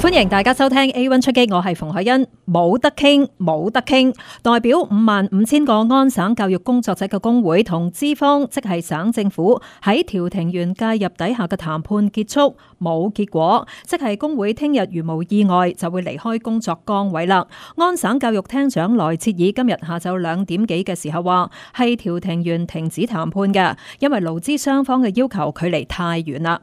歡迎大家收聽 A1 出擊，我係馮海恩。冇得傾，冇得傾。代表五萬五千個安省教育工作者嘅工會同資方，即係省政府喺調停員介入底下嘅談判結束，冇結果。即係工會聽日如無意外就會離開工作崗位啦。安省教育廳長萊切爾今日下晝兩點幾嘅時候話，係調停員停止談判嘅，因為勞資雙方嘅要求距離太遠啦。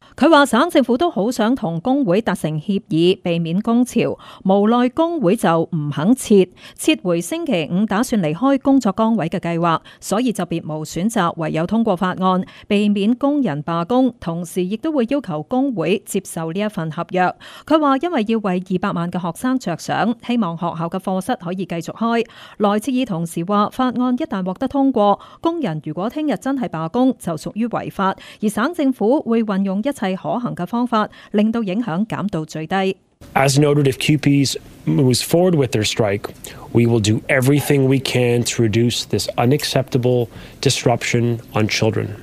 佢話省政府都好想同工會達成協議，避免工潮，無奈工會就唔肯撤撤回星期五打算離開工作崗位嘅計劃，所以就別無選擇，唯有通過法案，避免工人罷工。同時亦都會要求工會接受呢一份合約。佢話因為要為二百萬嘅學生着想，希望學校嘅課室可以繼續開。內切爾同時話，法案一旦獲得通過，工人如果聽日真係罷工，就屬於違法，而省政府會運用一切可行嘅方法，令到影響減到最低。As noted, if CUPE moves forward with their strike, we will do everything we can to reduce this unacceptable disruption on children,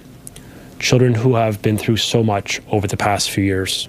children who have been through so much over the past few years.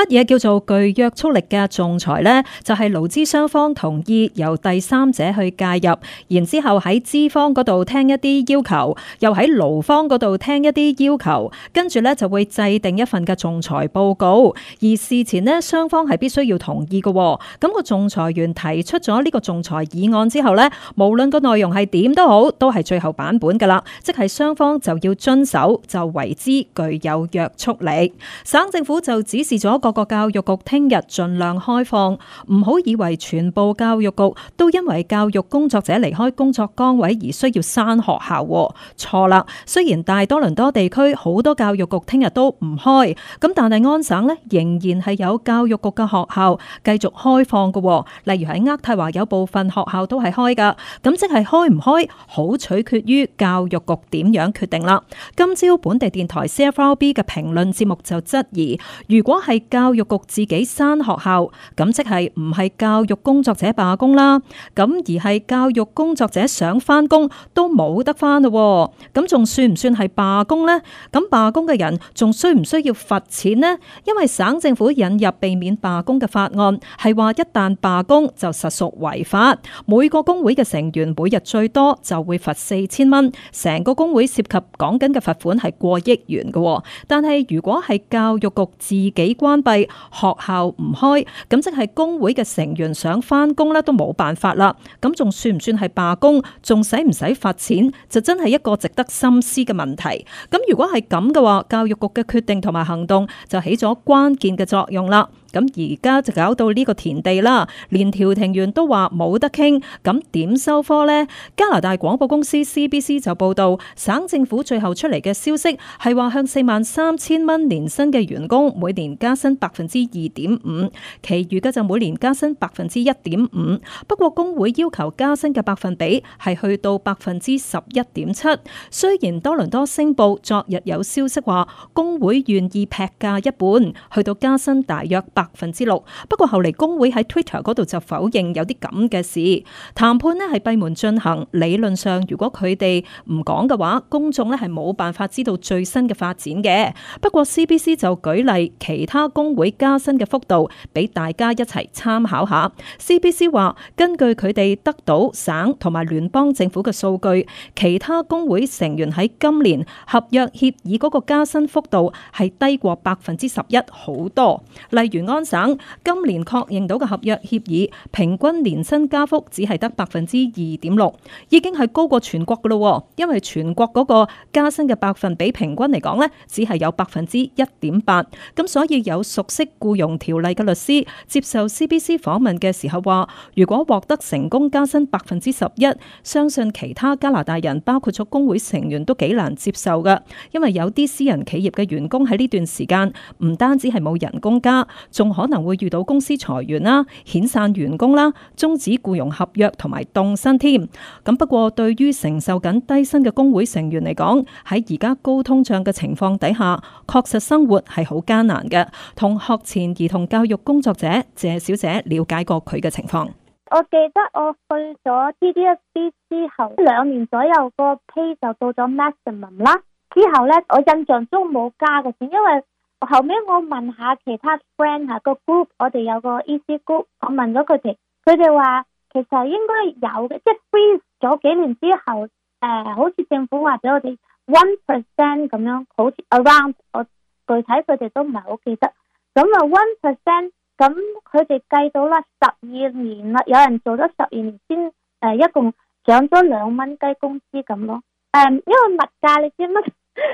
乜嘢叫做具約束力嘅仲裁咧？就係勞資雙方同意由第三者去介入，然之後喺資方嗰度聽一啲要求，又喺勞方嗰度聽一啲要求，跟住咧就會制定一份嘅仲裁報告。而事前咧雙方係必須要同意嘅。咁個仲裁員提出咗呢個仲裁議案之後咧，無論個內容係點都好，都係最後版本噶啦，即係雙方就要遵守，就為之具有約束力。省政府就指示咗個。各教育局聽日盡量開放，唔好以為全部教育局都因為教育工作者離開工作崗位而需要閂學校。錯啦，雖然大多倫多地區好多教育局聽日都唔開，咁但係安省呢，仍然係有教育局嘅學校繼續開放嘅，例如喺渥太華有部分學校都係開噶。咁即係開唔開，好取決於教育局點樣決定啦。今朝本地電台 CFRB 嘅評論節目就質疑，如果係。教育局自己刪學校，咁即係唔係教育工作者罷工啦？咁而係教育工作者想翻工都冇得翻咯？咁仲算唔算係罷工呢？咁罷工嘅人仲需唔需要罰錢呢？因為省政府引入避免罷工嘅法案，係話一旦罷工就實屬違法，每個工會嘅成員每日最多就會罰四千蚊，成個工會涉及講緊嘅罰款係過億元嘅。但係如果係教育局自己關，閉學校唔開，咁即係工會嘅成員想返工咧，都冇辦法啦。咁仲算唔算係罷工？仲使唔使發錢？就真係一個值得深思嘅問題。咁如果係咁嘅話，教育局嘅決定同埋行動就起咗關鍵嘅作用啦。咁而家就搞到呢個田地啦，連調停員都話冇得傾，咁點收科呢？加拿大廣播公司 CBC 就報道，省政府最後出嚟嘅消息係話向四萬三千蚊年薪嘅員工每年加薪百分之二點五，其餘嘅就每年加薪百分之一點五。不過工會要求加薪嘅百分比係去到百分之十一點七。雖然多倫多星報昨日有消息話工會願意劈價一半，去到加薪大約百分之六，不過後嚟工會喺 Twitter 嗰度就否認有啲咁嘅事。談判呢係閉門進行，理論上如果佢哋唔講嘅話，公眾呢係冇辦法知道最新嘅發展嘅。不過 CBC 就舉例其他工會加薪嘅幅度，俾大家一齊參考下。CBC 話根據佢哋得到省同埋聯邦政府嘅數據，其他工會成員喺今年合約協議嗰個加薪幅度係低過百分之十一好多，例如。安省今年確認到嘅合約協議平均年薪加幅只係得百分之二點六，已經係高過全國噶咯。因為全國嗰個加薪嘅百分比平均嚟講呢，只係有百分之一點八。咁所以有熟悉僱傭條例嘅律師接受 CBC 訪問嘅時候話，如果獲得成功加薪百分之十一，相信其他加拿大人，包括咗工會成員都幾難接受噶。因為有啲私人企業嘅員工喺呢段時間唔單止係冇人工加。仲可能會遇到公司裁員啦、遣散員工啦、終止僱傭合約同埋凍薪添。咁不過，對於承受緊低薪嘅工會成員嚟講，喺而家高通脹嘅情況底下，確實生活係好艱難嘅。同學前兒童教育工作者謝小姐了解過佢嘅情況。我記得我去咗 TDSB 之後兩年左右，個 pay 就到咗 maximum 啦。之後呢，我印象中冇加嘅錢，因為後尾我問下其他 friend 吓，個 group，我哋有個 EC group，我問咗佢哋，佢哋話其實應該有嘅，即係 freeze 咗幾年之後，誒，好似政府話俾我哋 one percent 咁樣，好似 around，我具體佢哋都唔係好記得。咁啊 one percent，咁佢哋計到啦十二年啦，有人做咗十二年先誒，一共漲咗兩蚊雞工資咁咯。誒，因為物價你知乜？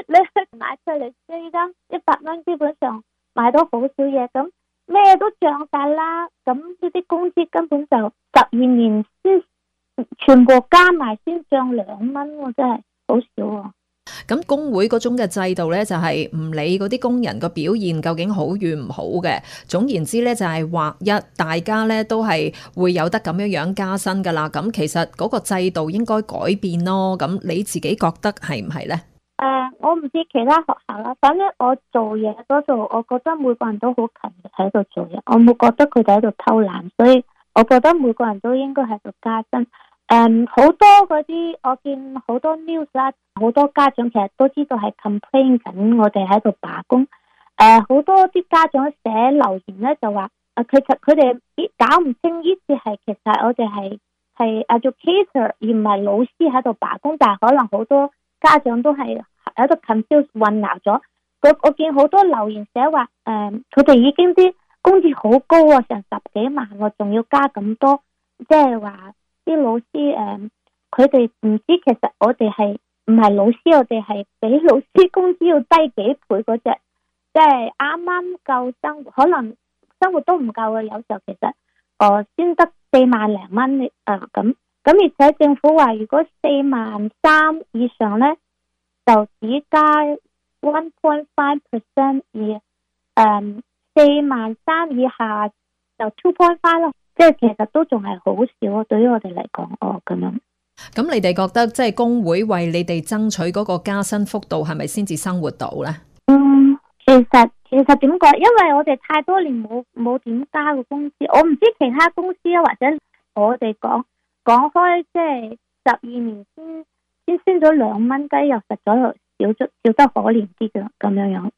你買出嚟，即係依家一百蚊，基本上買到好少嘢。咁咩都漲晒啦，咁呢啲工資根本就十二年先全部加埋先漲兩蚊，我真係好少啊！咁工會嗰種嘅制度咧，就係唔理嗰啲工人個表現究竟好與唔好嘅。總言之咧，就係或一大家咧都係會有得咁樣樣加薪噶啦。咁其實嗰個制度應該改變咯。咁你自己覺得係唔係咧？誒、uh，我唔知其他學校啦，反正我做嘢嗰度，我覺得每個人都好勤力喺度做嘢，我冇覺得佢哋喺度偷懶，所以我覺得每個人都應該喺度加薪。誒、um，好多嗰啲我見好多 news 啦，好多家長其實都知道係 complain 緊我哋喺度罷工。誒，好多啲家長寫留言咧就話，誒、啊，其實佢哋咦搞唔清呢次係其實我哋係係阿做 educator 而唔係老師喺度罷工，但係可能好多。家長都係喺度混淆咗，我我見好多留言寫話，誒、嗯，佢哋已經啲工資好高啊，成十幾萬啊，仲要加咁多，即係話啲老師誒，佢哋唔知其實我哋係唔係老師，我哋係俾老師工資要低幾倍嗰隻，即係啱啱夠生活，可能生活都唔夠啊，有時候其實我先得四萬零蚊啊咁。嗯咁而且政府話如果四萬三以上咧，就只加 one point five percent，而誒四萬三以下就 two point five 咯，即係其實都仲係好少啊！對於我哋嚟講，哦咁樣。咁你哋覺得即係工會為你哋爭取嗰個加薪幅度係咪先至生活到咧？嗯，其實其實點講？因為我哋太多年冇冇點加過工資，我唔知其他公司啊或者我哋講。講開即係十二年先先升咗兩蚊雞，又實咗又少咗少得可憐啲嘅咁樣樣。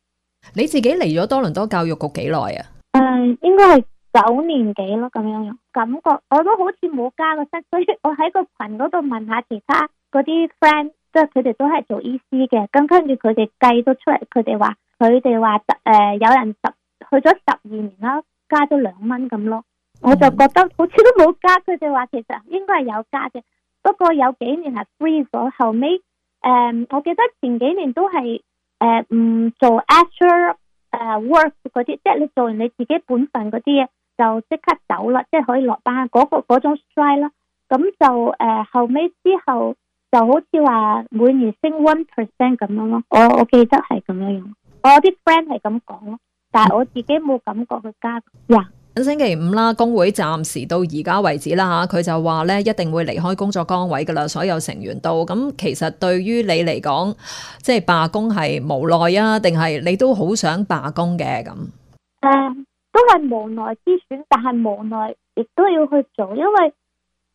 你自己嚟咗多倫多教育局幾耐啊？誒、嗯，應該係九年幾咯，咁樣樣感覺我都好似冇加過薪，所以我喺個群嗰度問,問下其他嗰啲 friend，即係佢哋都係做 E C 嘅，咁跟住佢哋計到出嚟，佢哋話佢哋話十誒有人十去咗十二年啦，加咗兩蚊咁咯。我就覺得好似都冇加，佢哋話其實應該係有加嘅，不過有幾年係 free 咗，後尾誒、呃，我記得前幾年都係誒唔做 actual work 嗰啲，即係你做完你自己本份嗰啲嘢就即刻走啦，即係可以落班嗰、那個嗰種 strike 咯。咁就誒、呃、後尾之後就好似話每年升 one percent 咁樣咯。我我記得係咁樣樣，我啲 friend 係咁講咯，但係我自己冇感覺佢加。Yeah. 上星期五啦，工會暫時到而家為止啦吓，佢就話咧一定會離開工作崗位噶啦，所有成員都咁。其實對於你嚟講，即係罷工係無奈啊，定係你都好想罷工嘅咁？誒、嗯，都係無奈之選，但係無奈亦都要去做，因為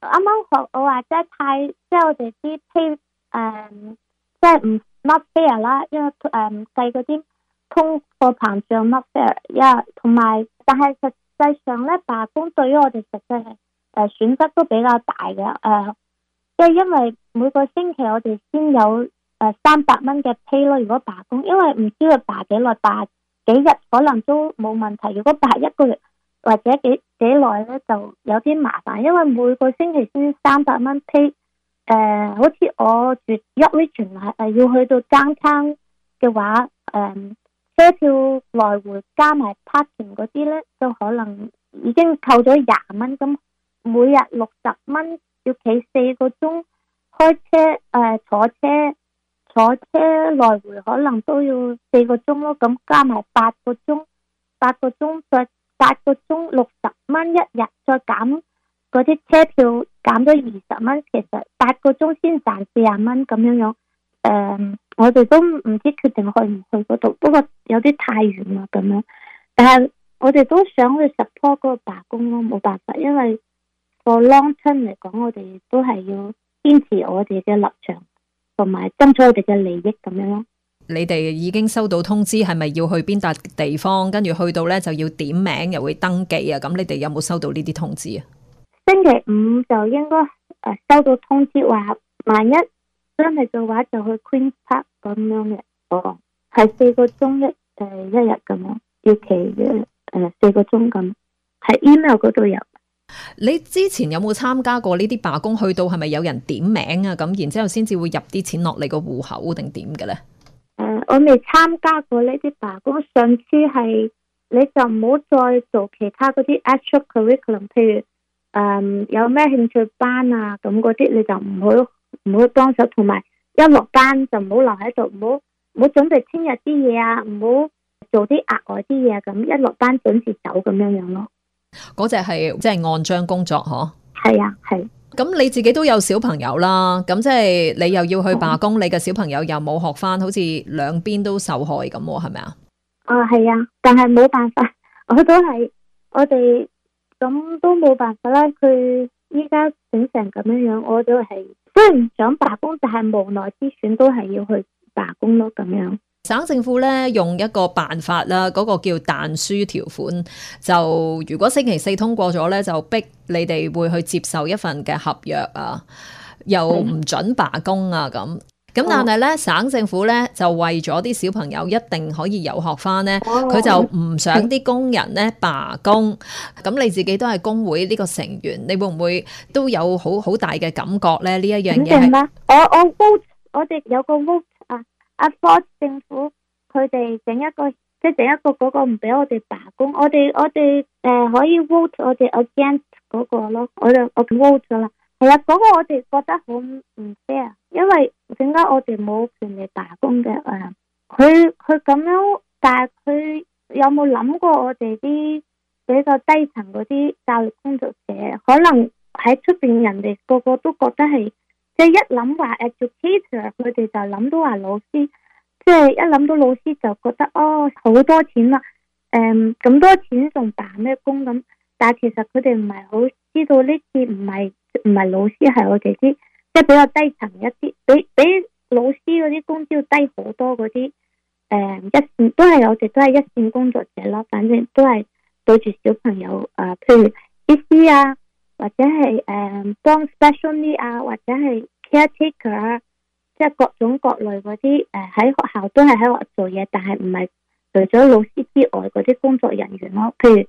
啱啱學我話即係太即係我哋啲 pay 誒，即係唔乜 fair 啦，play，嗯、fair，因為誒唔計嗰啲通貨膨脹乜 fair，因為同埋但係佢實際上咧，罷工對於我哋實際係誒損失都比較大嘅誒，即、呃、係、就是、因為每個星期我哋先有誒三百蚊嘅 Pay 咯。如果罷工，因為唔知佢罷幾耐，罷幾日，可能都冇問題。如果罷一個月或者幾幾耐咧，就有啲麻煩，因為每個星期先三百蚊 Pay。誒，好似我住 York Region 全係誒要去到 downtown 嘅話誒。呃車票來回加埋 parking 嗰啲呢，就可能已經扣咗廿蚊。咁每日六十蚊，要企四個鐘，開車誒、呃，坐車坐車來回可能都要四個鐘咯。咁加埋八個鐘，八個鐘再八個鐘六十蚊一日，再減嗰啲車票減咗二十蚊，其實八個鐘先賺四十蚊咁樣樣。誒，我哋都唔知決定去唔去嗰度，不過有啲太遠啦咁樣。但係我哋都想去 support 嗰個罷工咯，冇辦法，因為個 long term 嚟講，我哋都係要堅持我哋嘅立場，同埋爭取我哋嘅利益咁樣咯。你哋已經收到通知，係咪要去邊笪地方？跟住去到呢就要點名，又會登記啊？咁你哋有冇收到呢啲通知啊？星期五就應該誒收到通知話，萬一。真係嘅話就去 Queen Park 咁樣嘅，哦，係四個鐘一誒一日咁咯，要期嘅誒四個鐘咁，喺 email 嗰度有。你之前有冇參加過呢啲罷工？去到係咪有人點名啊？咁然之後先至會入啲錢落你個戶口定點嘅咧？誒、嗯，我未參加過呢啲罷工。上次係你就唔好再做其他嗰啲 actual curriculum，譬如誒、嗯、有咩興趣班啊，咁嗰啲，你就唔好。唔好幫手，同埋一落班就唔好留喺度，唔好唔好準備聽日啲嘢啊唔好做啲額外啲嘢，咁一落班準時走咁樣樣咯。嗰隻係即係按章工作嗬。係啊，係。咁你自己都有小朋友啦，咁即係你又要去罷工，你嘅小朋友又冇學翻，好似兩邊都受害咁，係咪啊？啊，係啊，但係冇辦法，我都係，我哋，咁都冇辦法啦。佢依家整成咁樣樣，我都係。雖然想罷工，但係無奈之選都係要去罷工咯。咁樣，省政府咧用一個辦法啦，嗰個叫彈書條款，就如果星期四通過咗咧，就逼你哋會去接受一份嘅合約啊，又唔准罷工啊咁。咁但係咧，省政府咧就為咗啲小朋友一定可以有學翻咧，佢就唔想啲工人咧罷工。咁你自己都係工會呢個成員，你會唔會都有好好大嘅感覺咧？呢一樣嘢係我我 vote，我哋有個 vote 啊！阿科政府佢哋整一個即係整一個嗰個唔俾我哋罷工，我哋我哋誒可以 vote，我哋 against 嗰個咯，我就我 vote 咗啦。係啊，嗰個我哋覺得好唔 care 啊？因為點解我哋冇權利罷工嘅啊？佢佢咁樣，但係佢有冇諗過我哋啲比較低層嗰啲教育工作者？可能喺出邊人哋個個都覺得係，即係一諗話 educator，佢哋就諗到話老師，即係一諗到老師就覺得哦好多錢啦，誒、嗯、咁多錢仲罷咩工咁？但係其實佢哋唔係好知道呢次唔係。唔係老師，係我哋啲即係比較低層一啲，比比老師嗰啲工資要低好多嗰啲，誒、嗯、一綫都係我哋都係一綫工作者咯。反正都係對住小朋友，誒、呃，譬如老師啊，或者係誒幫 special needs 啊，或者係 caretaker、啊、即係各種各類嗰啲誒喺學校都係喺度做嘢，但係唔係除咗老師之外嗰啲工作人員咯。譬如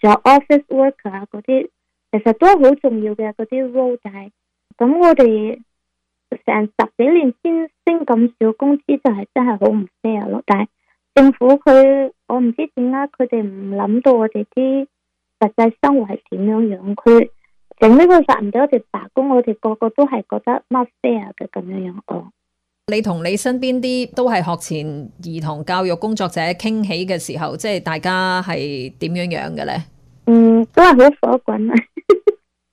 仲有 office worker 嗰、啊、啲。其實都好重要嘅嗰啲 role，但係咁我哋成十幾年先升咁少工資，就係真係好唔 fair 咯。但係政府佢，我唔知點解佢哋唔諗到我哋啲實際生活係點樣樣，佢整呢個法唔俾我哋罷工，我哋個個都係覺得乜 fair 嘅咁樣樣哦。你同你身邊啲都係學前兒童教育工作者傾起嘅時候，即係大家係點樣樣嘅咧？嗯，都係好火滾啊！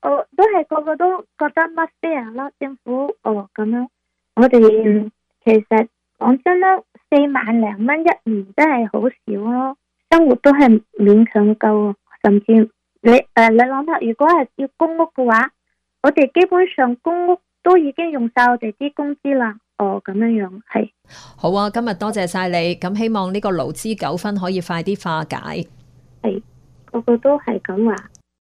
哦，都係個個都覺得乜啲人咯，政府哦咁樣。我哋其實講真啦，四萬零蚊一年真係好少咯，生活都係勉強夠，甚至你誒、呃，你諗下如果係要公屋嘅話，我哋基本上公屋都已經用晒我哋啲工資啦。哦，咁樣樣係。好啊，今日多謝晒你，咁希望呢個勞資糾紛可以快啲化解。係、嗯，個個都係咁話。